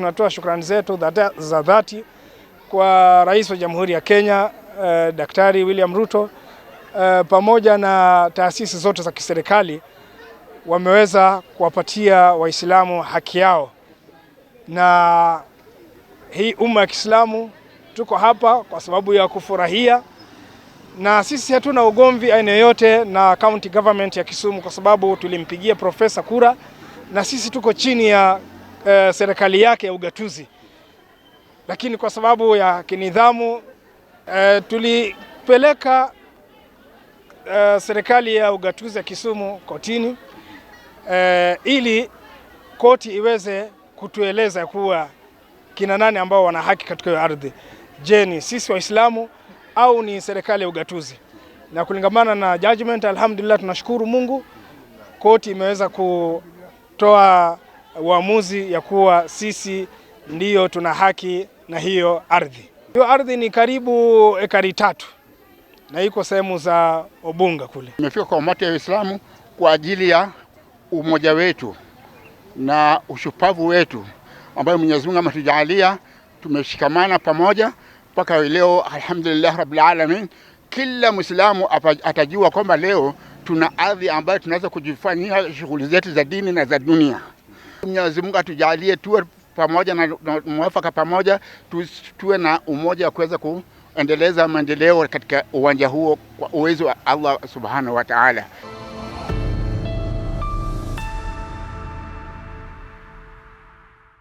Tunatoa shukrani zetu za dhati kwa Rais wa Jamhuri ya Kenya eh, Daktari William Ruto eh, pamoja na taasisi zote za kiserikali wameweza kuwapatia Waislamu haki yao, na hii umma ya Kiislamu tuko hapa kwa sababu ya kufurahia, na sisi hatuna ugomvi aina yoyote na county government ya Kisumu kwa sababu tulimpigia profesa kura na sisi tuko chini ya eh, serikali yake ya ugatuzi, lakini kwa sababu ya kinidhamu eh, tulipeleka eh, serikali ya ugatuzi ya Kisumu kotini eh, ili koti iweze kutueleza kuwa kina nani ambao wana haki katika hiyo ardhi. Je, ni sisi Waislamu au ni serikali ya ugatuzi? Na kulingamana na judgment, alhamdulillah tunashukuru Mungu, koti imeweza kutoa uamuzi ya kuwa sisi ndiyo tuna haki na hiyo ardhi. Hiyo ardhi ni karibu ekari tatu na iko sehemu za Obunga kule. Imefika kwa umati ya Uislamu kwa ajili ya umoja wetu na ushupavu wetu ambayo Mwenyezi Mungu ametujalia tumeshikamana pamoja mpaka leo, alhamdulillah rabbil alamin. Kila Muislamu atajua kwamba leo tuna ardhi ambayo tunaweza kujifanyia shughuli zetu za dini na za dunia. Mwenyezi Mungu atujalie tuwe pamoja na, na mwafaka pamoja tu, tuwe na umoja wa kuweza kuendeleza maendeleo katika uwanja huo kwa uwezo wa Allah subhanahu wa ta'ala.